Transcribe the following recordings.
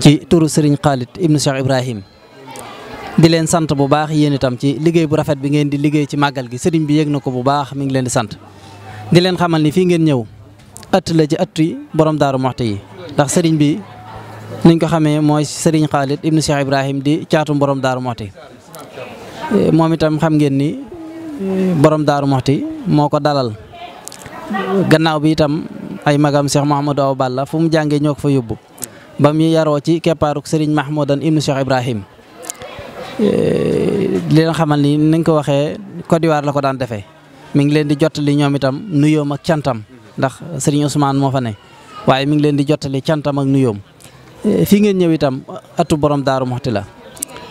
ci turu sëriñ Khalid Ibn Cheikh Ibrahim di leen sant bu baax yéen itam ci liggéey bu rafet bi ngeen di liggéey ci màggal gi sëriñ bi yëg na ko bu baax mu ngi leen di sant di leen xamal ni fii ngeen ñëw ëtt la ci ëtt yi borom daaru moxte yi ndax sëriñ bi niñ ko xamee mooy sëriñ Khalid Ibn Cheikh Ibrahim di caatum boroom daaru moxte moom itam xam ngeen ni borom daaru moxte moo ko dalal gannaaw bi itam ay magam Cheikh Mouhamadou Awa Balla fu mu jàngee ñoo ko fa yóbbu ba mu yaroo ci keppaaruk sëriñ Mahmoudan ibnu Cheikh Ibrahim eh, di leen xamal ni nañ ko waxee Côte d'Ivoire la ko daan defee mi ngi leen di jottali ñoom itam nuyoom ak cantam ndax Serigne Ousmane moo fa ne waaye mi ngi leen di jottali cantam ak nuyoom eh, fii ngeen ñëw itam atu borom Daaru Moxti la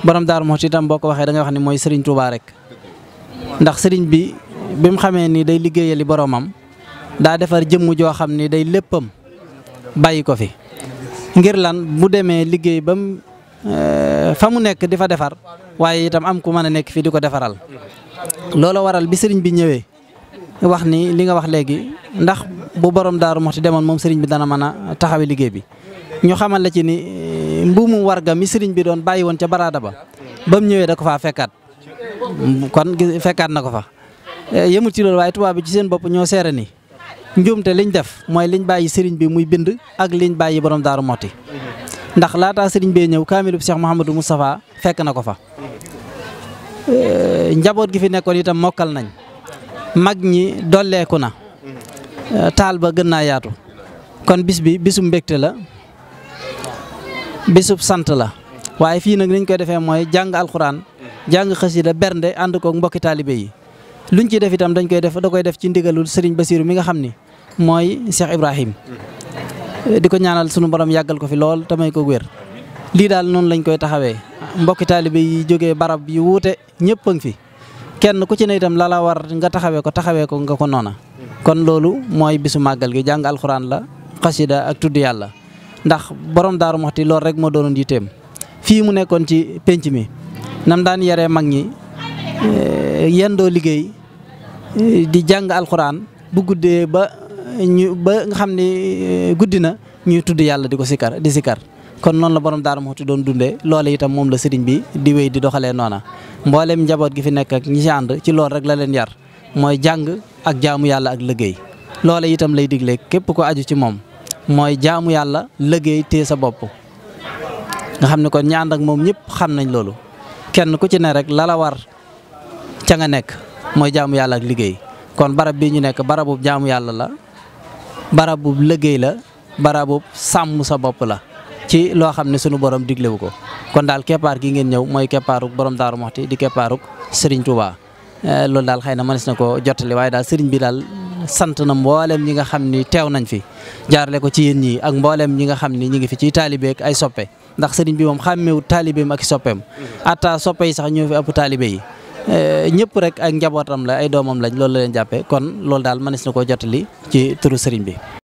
borom Daaru Moxti itam boo ko waxee da wax ni mooy Serigne Touba rek ndax sëriñ bi bi xamee ni day liggéeyali boromam daa defar jëmm joo xam ni day léppam bàyyi ko fi. ngir lan bu demee liggéey ba mu eh, fa mu nekk di fa defar waaye itam am ku mën a nekk fii di ko defaral looloo waral bi sëriñ bi ñëwee wax ni li nga wax léegi ndax bu borom daaru Muxti demoon moom sëriñ bi dana mën a taxawee liggéey bi ñu xamal la ci ni eh, mbuumu warga mi sëriñ bi doon bàyyi woon ca baraada ba ba mu ñëwee da ko fa fekkaat kon fekkaat na ko fa eh, yëmut ci loolu waaye tubaab bi ci seen bopp ñoo seere ni njuumte liñ def mooy liñ bàyyi sëriñ bi muy bind ak liñ bàyyi borom daaru Moti. ndax laataa sëriñ bee ñëw kaamilu Cheikh Mouhamadou Moustapha fekk na ko fa. Euh, njaboot gi fi nekkoon itam mokkal nañ. mag ñi dolleeku na. Euh, taal ba gën naa yaatu. kon bis bi bisum mbégte la bisub sant la. waaye fii nag niñ koy defee mooy jàng alxuraan jàng xasida bernde ànd koog mbokki taalibe yi. ñu ciy def itam dañ koy def da koy def ci ndigalul Serigne Bassirou mi nga xam ni mooy Cheikh Ibrahim di ko ñaanal sunu borom yàggal ko fi lool te may ko wér lii daal noonu lañ koy taxawee mbokki taalibe yi jógee barab yi wuute ñëpp a ngi fi kenn ku ci ne itam la la war nga taxawee ko taxawee ko nga ko noona kon loolu mooy bisu màggal gi jàng alxuraan la xasida ak tudd yàlla ndax borom daaru moxti loolu rek moo doonoon yitteem fii mu nekkoon ci penc mi nam daan yaree mag ñi eh, yendoo liggéey di jàng alxuraan bu guddee ba ñu ba nga xam ne eh, guddi na ñuy tudd yàlla di ko si sikar di sikar kon noonu la borom Daaru Muxti doon dundee loole itam moom la sëriñ bi di wéy di doxalee noona mbooleem njaboot gi fi nekk ak ñi ci ànd ci loolu rek la leen yar mooy jàng ak jaamu yàlla ak liggéey loole itam lay digle képp ko aju ci moom mooy jaamu yàlla liggéey téye sa bopp nga xam ne kon ñi ak moom ñëpp xam nañ loolu kenn ku ci ne rek la la war ca nga nekk mooy jaamu yàlla ak liggéey kon barab bii ñu nekk barabu jaamu yàlla la barabu liggéey la barabu sàmm sa bopp la ci loo xam ne sunu borom diglewu ko kon daal keppaar gi ngeen ñëw mooy keppaaruk borom Daaru Moxti di keppaaruk Serigne Touba eh, loolu daal xëy na mënees na ko jottali waaye daal Serigne bi daal sant na mboolem ñi nga xam ni teew nañ fi jaarale ko ci yéen ñii ak mboolem ñi nga xam ni ñi ngi fi ci taalibe ak ay soppe ndax Serigne bi moom xàmmeewut taalibeem ak i soppeem mm-hmm. Euh, ñëpp rek ak njabootam la ay doomam lañ loolu la leen jàppee kon loolu daal mënees na koo jotali ci turu sëriñ bi.